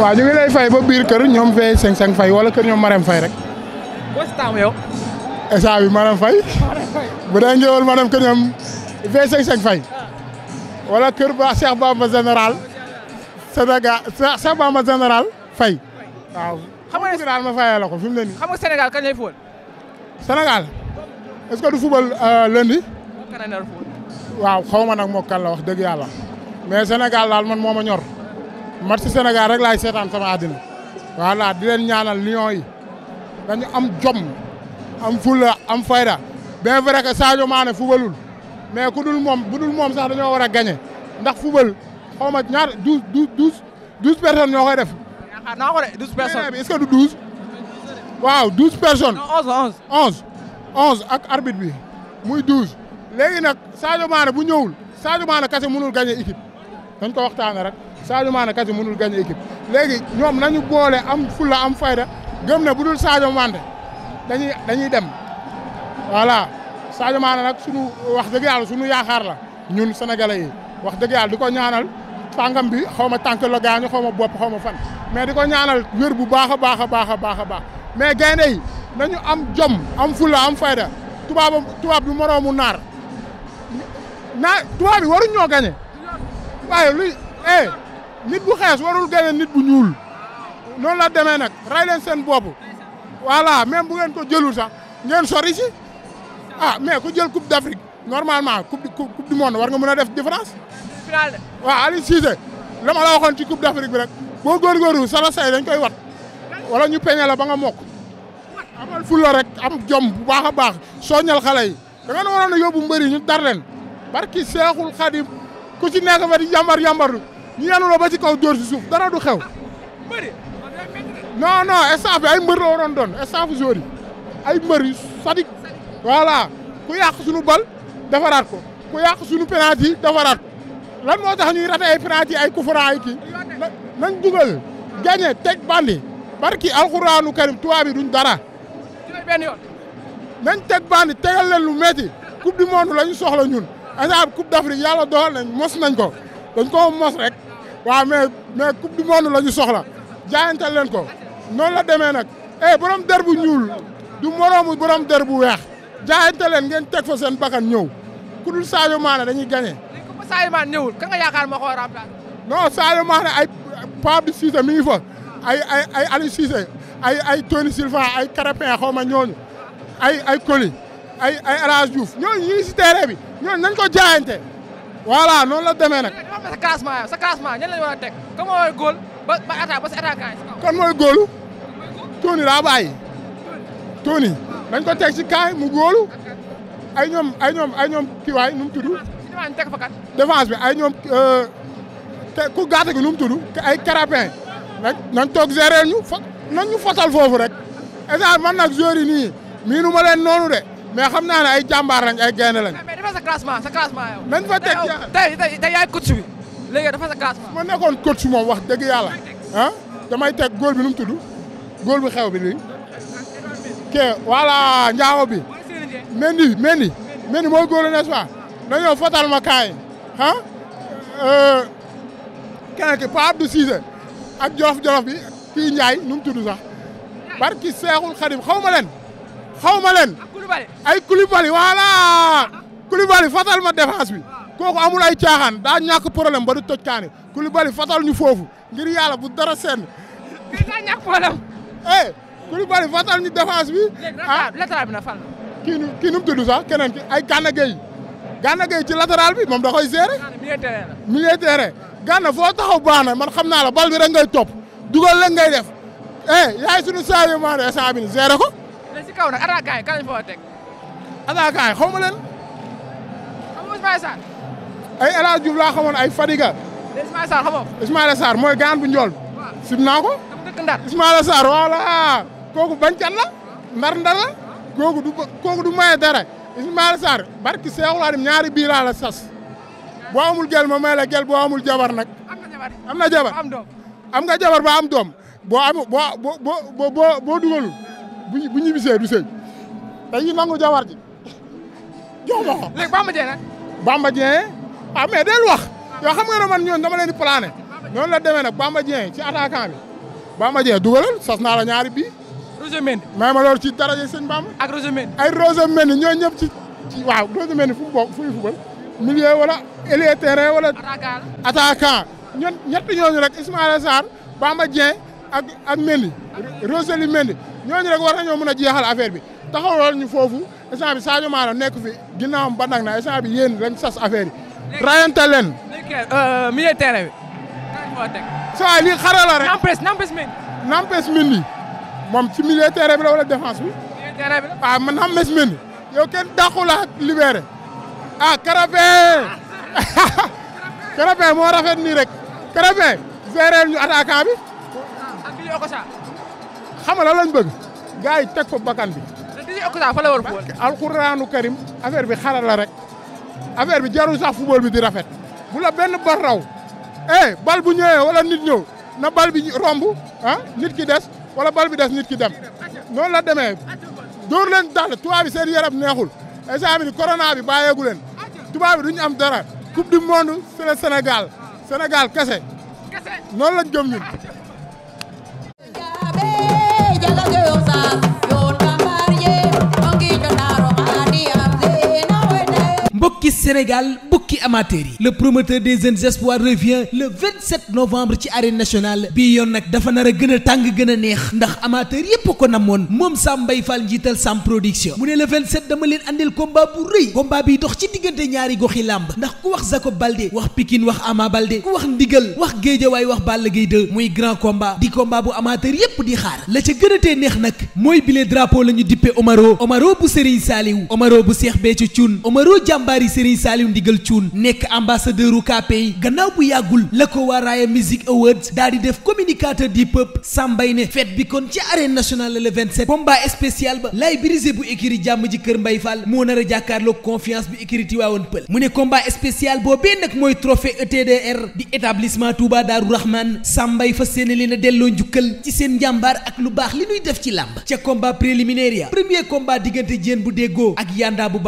waaw ñu ngi lay fay ba biir kër ñoom fee seng seng fay wala kër ñoom Marème fay rek. boo si taamu yow. instant bi Marème Faye. bu dee ngeewal ma kër ñoom fee seng seng fay. wala kër ba Cheikh Bamba général. Sénégal Cheikh Bamba général ma fayee la ko fi mu ne nii. xam nga Sénégal kañ lay fubal. Euh, waaw xaw ma nag kan la wax dëgg yàlla. mais Sénégal daal man moo ma ñor. match Sénégal rek laay seetaan sama àddina voilà di leen ñaanal Lions yi dañu am jom am fulla am fayda bien vrai que Sadio maane fubalul mais ku dul moom bu dul moom sax dañoo war a gagné ndax fubal xaw ma ñaar douze douze douze personnes ñoo koy def. yaakaar naa ko de douze personnes. est-ce que waaw douze personnes. non onze onze. onze ak arbitre bi muy douze. léegi nag Sadio maane bu ñëwul Sadio Mané kese mënul gagné équipe dañ ko waxtaanee rek. Sadio Mané kati mënul gagné équipe léegi ñoom nañu boole am fulla am fayda gëm ne bu dul Sadio Mané dañuy dañuy dem voilà Sadio Mané nag suñu wax dëgg yàlla suñu yaakaar la ñun sénégalais yi wax dëgg yàlla di ko ñaanal tàngam bi xaw ma tànk la gaañu xaw ma bopp xaw ma fan mais di ko ñaanal wér bu baax a baax a baax a baax a baax mais gaynde yi nañu am jom am fulla am fayda tubaab tubaab bi moroomu naar naar tubaab bi waruñ ñoo gañe waaye luy eh nit bu xees warul gagné nit bu ñuul noonu la demee nag rey leen seen bopp voilà même bu ngeen ko jëlul sa ngeen sori si ah mais ku jël coupe d'Afrique normalement coupe coupe du war nga mën a def différence. final la waaw la ma la waxoon ci coupe d'Afrique bi rek boo góorgóorlu sala say dañ koy wat wala ñu peñe la ba nga mokk amal fulla rek am jom bu baax a baax soññal xale yi da nga waroon a yóbbu yi ñu dar leen barki seexul xadim ku ci nekk fa di yambar yambarlu ñu yàlla ba ci kaw dóor si suuf dara du xew. non non staff bi ay mbër la waroon doon ay mbër sadik voilà ku yàq suñu bal defaraat ko ku yàq suñu penalty yi defaraat ko lan moo tax ñuy rate ay penalty ay kufra ay kii nañ dugal gagné teg bandi barki alxuraanu karim tubaab duñ dara. nañ teg bandi tegal leen lu metti coupe du monde la ñu soxla ñun. staff coupe d'Afrique yàlla doxal nañ mos nañ ko dañ ko mos rek. waaw mais mais coupe du monde la ñu soxla jaayantal leen ko noonu la demee nag eh der bu ñuul du moroomu borom der bu weex jaayantal leen ngeen teg fa seen bakkan ñëw ku dul Sadio Mané dañuy gagné. léegi ku Sadio Mané ñëwul ka nga yaakaar moo ko remplacé. non mi ngi fa ay ay ay Aliou ay ay Tony Sylva ay Crépin xaw ma ñooñu ay ay Coly ay ay El Hadj Diouf ñooñu ñu bi ñooñu nañ ko jaayante. voilà noonu la demee nag. sa classement yow sa classement ñan lañu war a teg mooy góol yi. kon dañ ko teg si kaay mu góolu. ay ñoom ay ñoom ay ñoom kii waay nu mu bi ay ñoom euh, ku gàtt gi nu mu tudd ay carapin nañ nañ toog gérer ñu foofu rek. état man nag joueurs nii miinu ma leen noonu de. mais xam naa ne ay jàmbaar lañ ay gaynde lañ. mais dafa sa classement sa classement yow. nañ fa teg yaay coach bi léegi dafa sa classement. ma nekkoon coach moom wax dëgg yàlla ah damay teg góol bi nu mu tudd góol bi xew bi lii. ke voilà njaago bi. mendi mendi mendi mooy góolu n'est-ce pas dañoo fotal ma kaay ah euh, keneen ki Pape Abdou Cissé ak Jolof Jolof bi fii Ndiaye nu mu tudd sax barki Seexul Xadim xaw ma leen. xawma ma leen ay Koulibaly voilà Koulibaly fatal ma défense bi ah. kooku amul ay caaxaan daa ñàkk problème ba du toj kaani Koulibaly fatal ñu foofu ngir yàlla bu dara seen. mais eh, ah, na fan. kii nu kii nu ay Gana Gueye Gana Gueye ci latéral bi moom da koy gérer. milieu la milieu terrain Gana foo taxaw baax man xam naa la bal bi rek ngay topp dugal la ngay def eh yaay sunu saa yu maanaam instant ko. mais si kaw nag a teg. attaquant yi xaw ay El Hadj Diouf ay Fadiga. mais Ismaïla Sarr xamoo. mooy gaan bu njool. waaw naa ko. dama dëkk Ndar Ismaïla Sarr kooku bañkat la ndar ndar la kooku du kooku du maye dara Ismaïla Sarr barki Seexul Xaadim ñaari bii la sas boo amul gel ma may la gel boo amul jabar nag. am na jabar am nga jabar ba am doom boo am boo boo boo boo bu bu ñibbisee du sëy dañuy nangu jabar ji jox ma ko. léegi Bamba Dieng nag. Ah, wax yow xam nga ne man ñoon dama leen di plané noonu la demee nag Bamba Dieng ci attaquant bi Bamba Dieng dugalal sas naa la ñaari bi may ma loolu ci daraje sëñ Bamba. ak Roger Mendy ay Roger Mendy ñoo ñëpp ci ci waaw Roger Mendy fu mu bokk fubal milieu wala ailier terrain wala. attaquant attaquant ñett rek Ismaïla Sarr Bamba Dieng. ak ak Mendy Rosalie Mendy ñooñu rek war nañoo mën a jeexal affaire bi taxawal ñu foofu instant bi Sadio Mané nekk fi ginnaawam ba nag na instant bi yéen lañ sas affaire yi. rayante leen. Euh, milieu terrain bi. rek. Nampès Nampès Mendy. Nampès Mendy moom ci milieu terrain bi la wala défense bi. bi la waaw ah, man yow kenn dàqu la libéré ah Krépin ah, Krépin moo rafet nii rek Krépin géré ñu attaquant bi. di Okocha. xam nga lan lañ bëgg gars yi teg fa bakkan bi. te karim affaire bi xaral la rek affaire bi jarul sax bi di rafet bu la benn bor raw eh, bal bu ñëwee wala nit ñëw na bal bi romb ah nit ki des wala bal bi des nit ki dem noonu la demee dóor leen dal tubaab bi seen yaram neexul instant bi corona bi bàyyeegu leen tubaab ñu am dara coupe du monde c'est le kese noonu lañ jëm ñun. jaga Sénégal bukki amateur yi le promoteur des jeunes espoirs revient le 27 novembre ci arène national bi yoon nag dafa nar a gën a tàng gën a neex ndax amateur yépp ko namoon moom Sam Mbaye Fall njiital Sam Production mu ne le 27 dama leen andil combat bu rëy combat bi dox ci diggante ñaari goxi làmb ndax ku wax Jacob Baldé wax Pikine wax Ama Baldé ku wax Ndigal wax Géejawaay wax Balla Gaye 2 muy grand combat di combat bu amateur yépp di xaar la ca gën a tee neex nag mooy bile drapeau la ñu dippe Omaro Omaro bu Serigne Saliou Omaro bu Cheikh Béthio Thioune Omaro jàmbaari Serigne Saliou Ndigal Thioune nekk ambassadeur u KPI gannaaw bu yàggul la ko waa Raaya Awards daal di def communicateur du peuple sàmbay ne fête bi kon ci arène nationale le 27 combat spécial ba lay brisé bu écurie jàmm ji kër Mbay Fall moo nar a jàkkaarloo confiance bu écurie Tivaouane Peul mu ne combat spécial boobee nag mooy trophée ETDR di établissement Touba Darou Rahman sàmbay fa seen leen a delloo njukkal ci seen njàmbaar ak lu baax li nuy def ci làmb ca combat préliminaire ya premier combat diggante bu déggoo ak yanda bu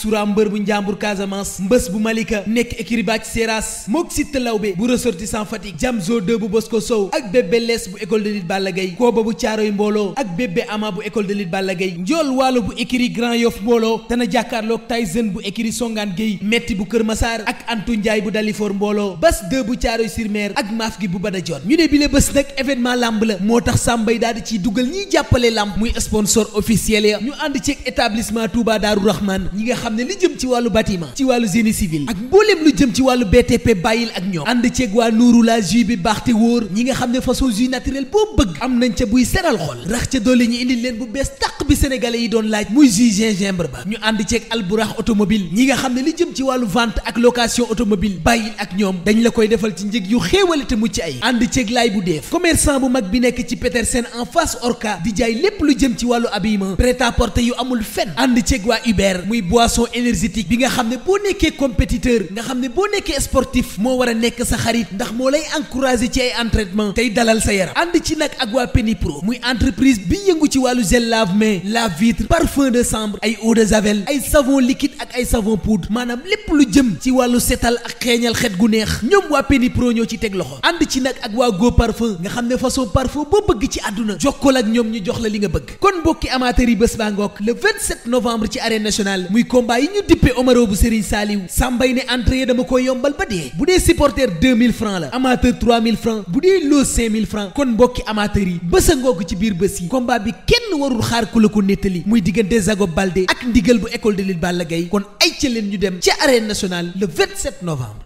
sura mbër bu njàmbur Casamance mbës bu Malika nekk écurie ba ci mook Siteu Lawbe bu ressortissant Fatick jam zo 2 bu Bosco Sow ak bébé les bu école de lutte Balla Gaye kooba bu caaroy mbooloo ak bébé ama bu école de lutte Balla njool waalo bu écurie Grand Yoff mbooloo dana jàkkaarloog Tyson bu écurie Songane Gueye metti bu Kër Massar ak Antou Ndiaye bu Dalifor mbooloo bas 2 bu caaroy sur mer ak maaf gi bu Badajon ñu ne bile bés nag moo tax sàmbay daal di ciy dugal ñiy jàppale xam ne li jëm ci wàllu batiment ci wàllu génie civil ak mbooleem lu jëm ci wàllu BTP bàyyil ak ñoom ànd ceeg waa nuuru la bi baax te wóor ñi nga xam ne façon jus naturel boo bëgg am nañ ca buy seral xol rax ca doole ñu indi leen bu bees tàq bi sénégale yi doon laaj muy jus gingembre ba ñu ànd ceeg alburax automobile ñi nga xam ne li jëm ci wàllu vente ak location automobile bàyyil ak ñoom dañu la koy defal ci njëg yu xéewale te mucc ay ànd ceeg laay bu deef commerçant bu mag bi nekk ci Petersen en face Orca di jaay lépp lu jëm ci wàllu habillement prêt à yu amul fenn ànd ceeg waa muy boisson énergétique bi nga xam ne boo nekkee compétiteur nga xam ne boo nekkee sportif moo war a nekk sa xarit ndax moo lay encouragé ci ay entraînement tey dalal sa yaram ànd ci nag ak waa Penipro muy entreprise bi yëngu ci wàllu gel lave mais lave-vitre parfum de chambre ay eau de javel ay savon liquide ak ay savon poudre maanaam lépp lu jëm ci wàllu setal ak xeeñal xet gu neex ñoom waa Penipro ñoo ci teg loxo ànd ci nag ak waa Go Parfum nga xam ne façon parfum boo bëgg ci àdduna jokkoo ak ñoom ñu jox la li nga bëgg kon mbokki amateur yi bés baa ngoog le 27 novembre ci arène nationale combat yi ñu dippe Omaro bu Serigne Saliou sàmbay ne entrée dama koy yombal ba dee bu dee supporter 2000 francs la amateur 3000 francs bu dee loo 5000 francs kon mbokki amateur yi bës a ngoog ci biir bës yi combat bi kenn warul xaar ku la ko nettali muy diggante Zago Balde ak ndigal bu école de lutte Balla kon ay ca leen ñu dem ci arène nationale le 27 novembre